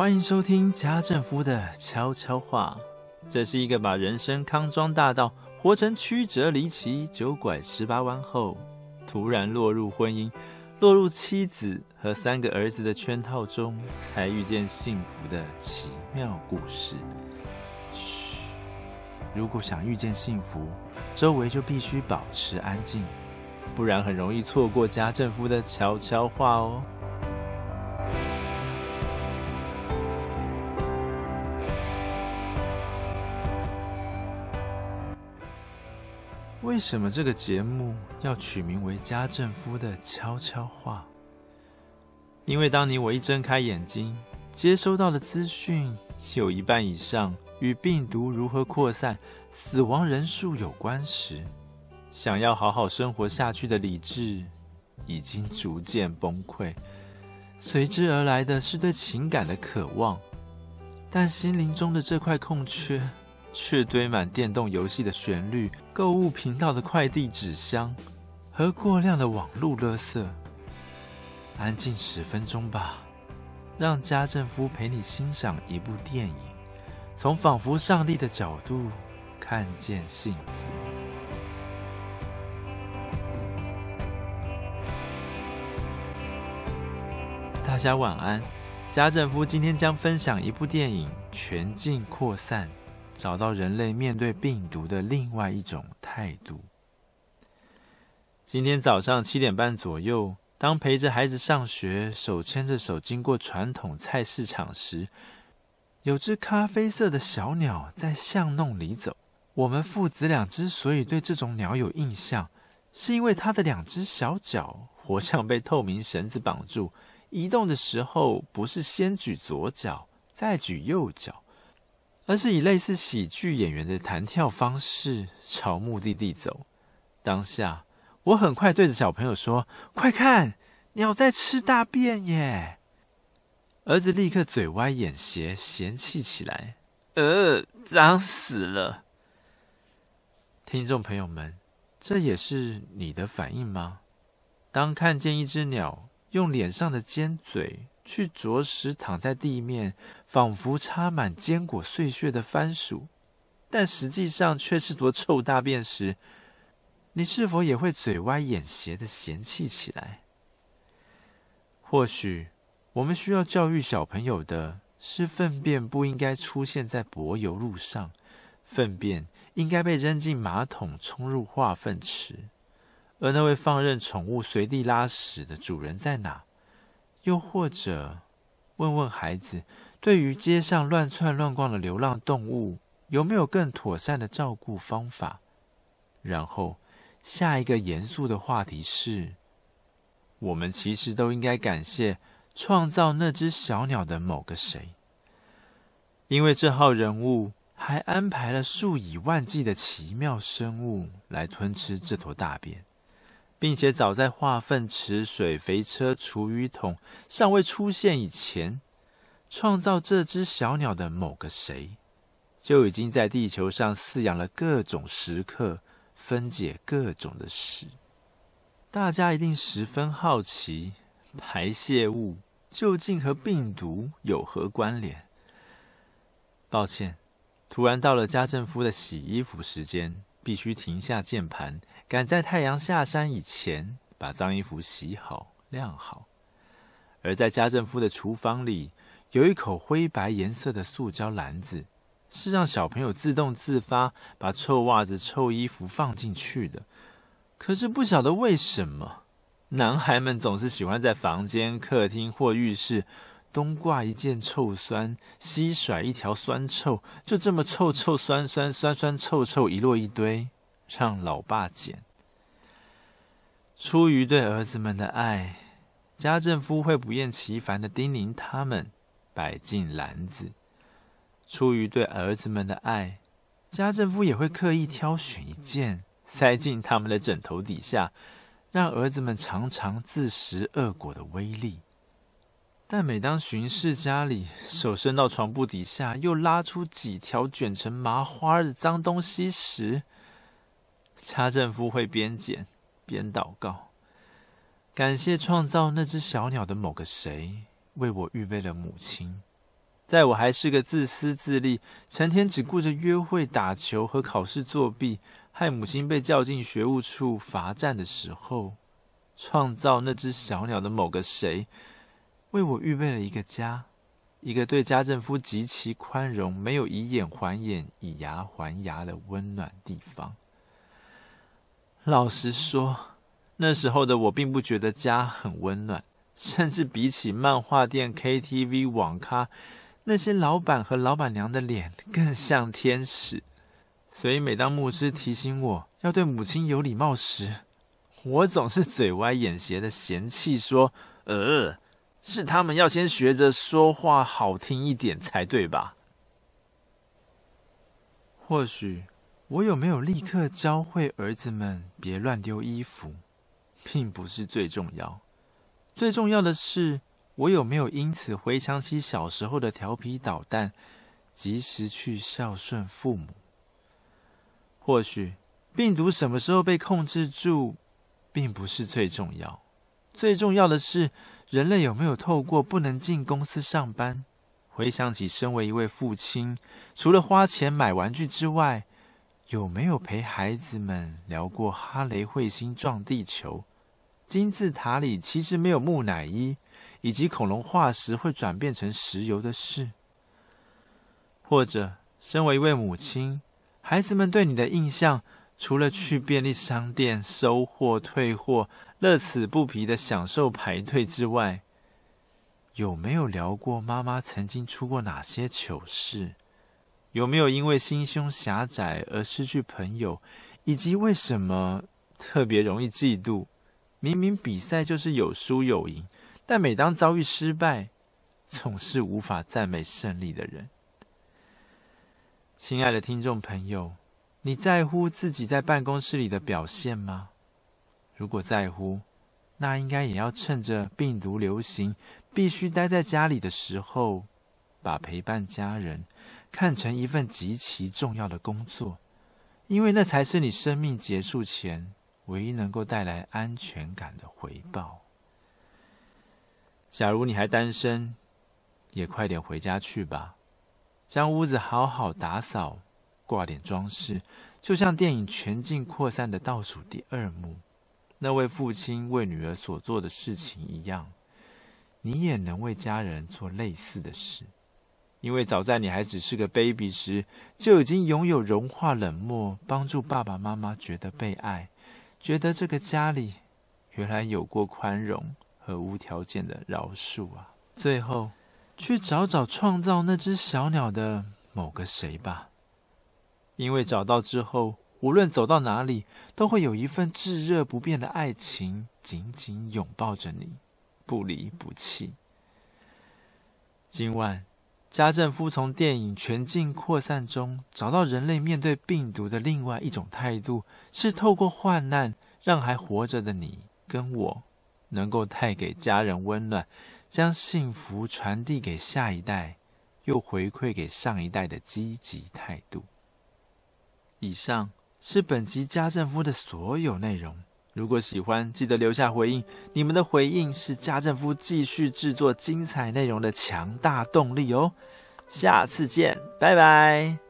歡迎收聽家政夫的悄悄話。這是一個把人生康莊大道活成曲折離奇九拐十八彎後，突然落入婚姻、落入妻子和三個兒子的圈套中，才遇見幸福的奇妙故事。噓，如果想遇見幸福，周圍就必須保持安靜，不然很容易錯過家政夫的悄悄話哦。為什麼這個節目要取名為《家政夫的悄悄話》？因為當你我一睜開眼睛，接收到的資訊有一半以上與病毒如何擴散、死亡人數有關時，想要好好生活下去的理智已經逐漸崩潰，隨之而來的是對情感的渴望，但心靈中的這塊空缺。卻堆滿電動遊戲的旋律、購物頻道的快遞紙箱和過量的網絡垃圾。安靜十分鐘吧，讓家政夫陪你欣賞一部電影，從仿佛上帝的角度看見幸福。大家晚安。家政夫今天將分享一部電影《全境擴散》。找到人類面對病毒的另外一種態度。今天早上七點半左右，當陪着孩子上學，手牽着手經過傳統菜市場時，有只咖啡色的小鳥在巷弄裡走。我們父子倆之所以對這種鳥有印象，是因為它的兩隻小腳活像被透明繩子綁住，移動的時候不是先舉左腳，再舉右腳。而是以類似喜劇演員的彈跳方式朝目的地走。當下，我很快對着小朋友說：“快看，鳥在吃大便耶！”兒子立刻嘴歪眼斜，嫌棄起來：“呃，髒死了！”聽眾朋友們，這也是你的反應嗎？當看見一隻鳥用臉上的尖嘴。去啄食躺在地面、仿彿插滿堅果碎屑的番薯，但實際上卻是坨臭大便時，你是否也會嘴歪眼斜的嫌棄起來？或許我們需要教育小朋友的是，糞便不應該出現在柏油路上，糞便應該被扔進馬桶沖入化糞池。而那位放任寵物隨地拉屎的主人在哪？又或者，問問孩子，對於街上亂竄亂逛的流浪動物，有沒有更妥善的照顧方法？然後，下一個嚴肅的話題是，我們其實都應該感謝創造那隻小鳥的某個誰，因為這號人物還安排了數以萬計的奇妙生物來吞吃這坨大便。並且早在化糞池、水肥車、廚餘桶尚未出現以前，創造這隻小鳥的某個誰，就已經在地球上飼養了各種食客，分解各種的屎。大家一定十分好奇，排泄物究竟和病毒有何關聯？抱歉，突然到了家政夫的洗衣服時間。必須停下鍵盤，趕在太陽下山以前把髒衣服洗好晾好。而在家政夫的廚房裡，有一口灰白顏色的塑膠籃子，是讓小朋友自動自發把臭襪子、臭衣服放進去的。可是不曉得為什麼，男孩們總是喜歡在房間、客廳或浴室。東掛一件臭酸，西甩一條酸臭，就這麼臭臭酸酸酸酸臭臭臭一落一堆，讓老爸撿。出於對兒子們的愛，家政夫會不厭其煩的叮嚀他們擺進籃子。出於對兒子們的愛，家政夫也會刻意挑選一件塞進他們的枕頭底下，讓兒子們嘗嘗自食惡果的威力。但每當巡視家裡，手伸到床鋪底下，又拉出幾條捲成麻花的髒東西時，家政夫會邊撿邊禱告，感謝創造那只小鳥的某個誰，為我預備了母親。在我還是個自私自利、成天只顧着約會、打球和考試作弊，害母親被叫進學務處罰站的時候，創造那只小鳥的某個誰。為我預備了一個家，一個對家政夫極其寬容、沒有以眼還眼、以牙還牙的溫暖地方。老實說，那時候的我並不覺得家很溫暖，甚至比起漫畫店、KTV、網咖，那些老闆和老闆娘的臉更像天使。所以，每當牧師提醒我要對母親有禮貌時，我總是嘴歪眼斜的嫌棄說：“呃。”是他們要先學着說話好聽一點才對吧？或許我有沒有立刻教會兒子們別亂丟衣服，并不是最重要。最重要的是，我有沒有因此回想起小時候的調皮搗蛋，及時去孝順父母？或許病毒什麼時候被控制住，并不是最重要。最重要的是。人類有沒有透過不能進公司上班，回想起身為一位父親，除了花錢買玩具之外，有沒有陪孩子們聊過哈雷彗星撞地球、金字塔裡其實沒有木乃伊，以及恐龍化石會轉變成石油的事？或者，身為一位母親，孩子們對你的印象？除了去便利商店收貨、退貨，樂此不疲的享受排隊之外，有沒有聊過媽媽曾經出過哪些糗事？有沒有因為心胸狹窄而失去朋友？以及為什麼特別容易嫉妒？明明比賽就是有輸有贏，但每當遭遇失敗，總是無法讚美勝利的人。親愛的聽眾朋友。你在乎自己在辦公室裡的表現嗎？如果在乎，那應該也要趁着病毒流行，必須待在家裡的時候，把陪伴家人看成一份極其重要的工作，因為那才是你生命結束前唯一能夠帶來安全感的回報。假如你還單身，也快點回家去吧，將屋子好好打掃。掛點裝飾，就像電影全境擴散的倒數第二幕，那位父親為女兒所做的事情一樣，你也能為家人做類似的事，因為早在你還只是個 baby 時，就已經擁有融化冷漠，幫助爸爸媽媽覺得被愛，覺得這個家裡原來有過寬容和無條件的饒恕啊！最後，去找找創造那只小鳥的某個誰吧。因為找到之後，無論走到哪裡，都會有一份炙熱不變的愛情緊緊擁抱着你，不離不棄。今晚，家政夫從電影《全境擴散》中找到人類面對病毒的另外一種態度，是透過患難，讓還活着的你跟我，能夠帶給家人溫暖，將幸福傳遞給下一代，又回饋給上一代的積極態度。以上是本集家政夫的所有內容。如果喜歡，記得留下回應。你們的回應是家政夫繼續製作精彩內容的強大動力哦。下次見，拜拜。